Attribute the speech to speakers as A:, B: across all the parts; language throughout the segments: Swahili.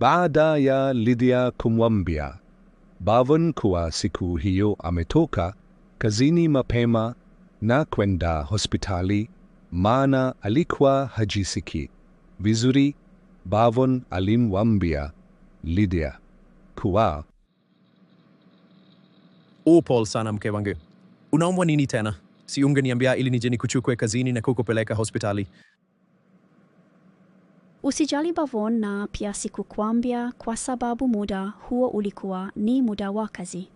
A: Baada ya Lydia kumwambia bavon kuwa siku hiyo ametoka kazini mapema na kwenda hospitali maana alikuwa hajisiki vizuri, bavon alimwambia Lydia kuwa
B: O, paul sana mke wangu. Unaomba nini tena? Si ungeniambia ili nije nikuchukue kazini na kukupeleka hospitali.
C: Usijali Bavon na pia sikukwambia kwa sababu muda huo ulikuwa ni muda wa kazi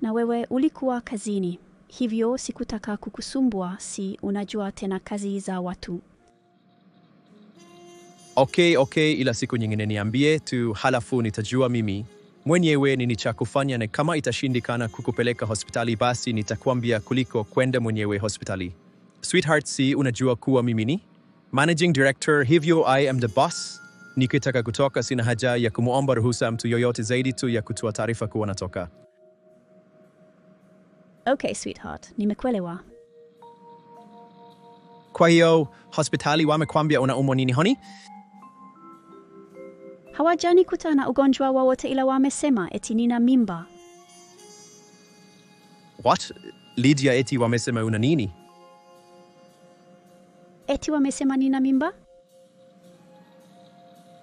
C: na wewe ulikuwa kazini, hivyo sikutaka kukusumbua. Si unajua tena kazi za watu.
B: Okay, okay, ila siku nyingine niambie tu, halafu nitajua mimi mwenyewe nini cha kufanya, na kama itashindikana kukupeleka hospitali basi nitakwambia kuliko kwenda mwenyewe hospitali. Sweetheart, si unajua kuwa mimi ni Managing Director, hivyo I am the boss. Nikitaka kutoka, sina haja ya kumwomba ruhusa mtu yoyote zaidi tu ya kutoa taarifa kuwa natoka.
C: Okay, sweetheart, nimekuelewa.
B: Kwa hiyo hospitali wamekwambia unaumwa nini honi?
C: hawajani kutana ugonjwa wowote, ila wamesema eti nina mimba.
B: What? Lydia, eti wamesema una nini?
C: eti wamesema nina mimba?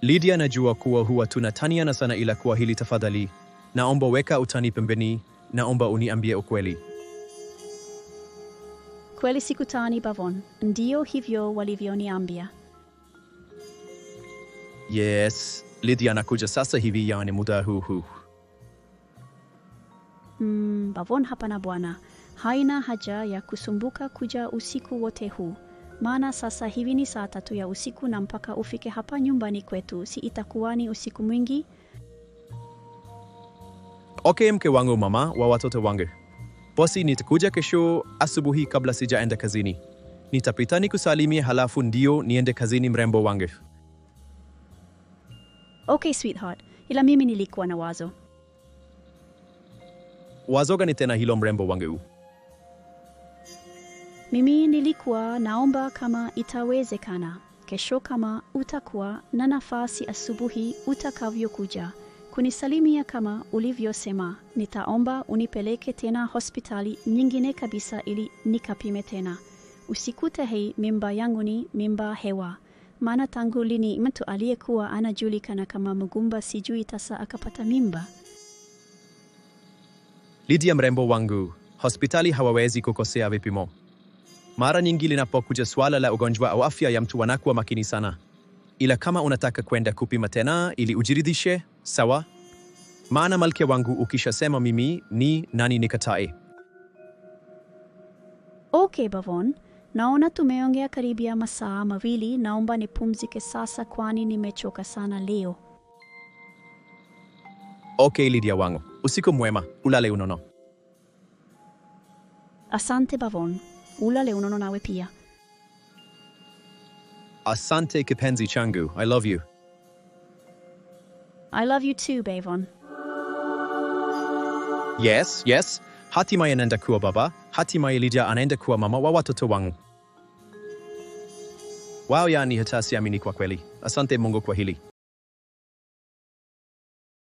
B: Lydia, najua kuwa huwa tunataniana sana, ila kuwa hili tafadhali, naomba weka utani pembeni, naomba uniambie ukweli.
C: Kweli sikutani Bavon, ndio hivyo walivyoniambia.
B: Yes, Lydia anakuja sasa hivi, yaani muda huu huu.
C: Mm, Bavon, hapana bwana, haina haja ya kusumbuka kuja usiku wote huu maana sasa hivi ni saa tatu ya usiku na mpaka ufike hapa nyumbani kwetu, si itakuwa ni usiku mwingi?
B: Okay, mke wangu, mama wa watoto wangu, basi nitakuja kesho asubuhi. Kabla sijaenda kazini, nitapita nikusalimie, halafu ndio niende kazini, mrembo wangu.
C: Okay sweetheart, ila mimi nilikuwa na wazo.
B: Wazo gani tena hilo, mrembo wangu?
C: Mimi nilikuwa naomba kama itawezekana, kesho kama utakuwa na nafasi asubuhi utakavyokuja kunisalimia kama ulivyosema, nitaomba unipeleke tena hospitali nyingine kabisa ili nikapime tena. Usikute hii mimba yangu ni mimba hewa, maana tangu lini mtu aliyekuwa anajulikana kama mgumba sijui tasa akapata mimba?
B: lidia mrembo wangu, hospitali hawawezi kukosea vipimo. Mara nyingi linapokuja suala la ugonjwa au afya ya mtu, wanakuwa makini sana, ila kama unataka kwenda kupima tena ili ujiridhishe, sawa? Maana malkia wangu, ukishasema mimi ni nani nikatae?
C: Okay Bavon, naona tumeongea ya masaa mawili. Naomba nipumzike sasa, kwani nimechoka sana leo.
B: Okay lidia wangu, usiku mwema, ulale unono.
C: Asante Bavon. Ula Pia.
B: Asante Kipenzi Changu, I love you.
C: I love you too, Bavon.
B: Yes, yes. Hatimaye anenda kua baba, hatimaye Lydia anenda kua mama wa watoto wangu. ni yaani hatasiamini kwa kweli. Asante Mungu kwa hili.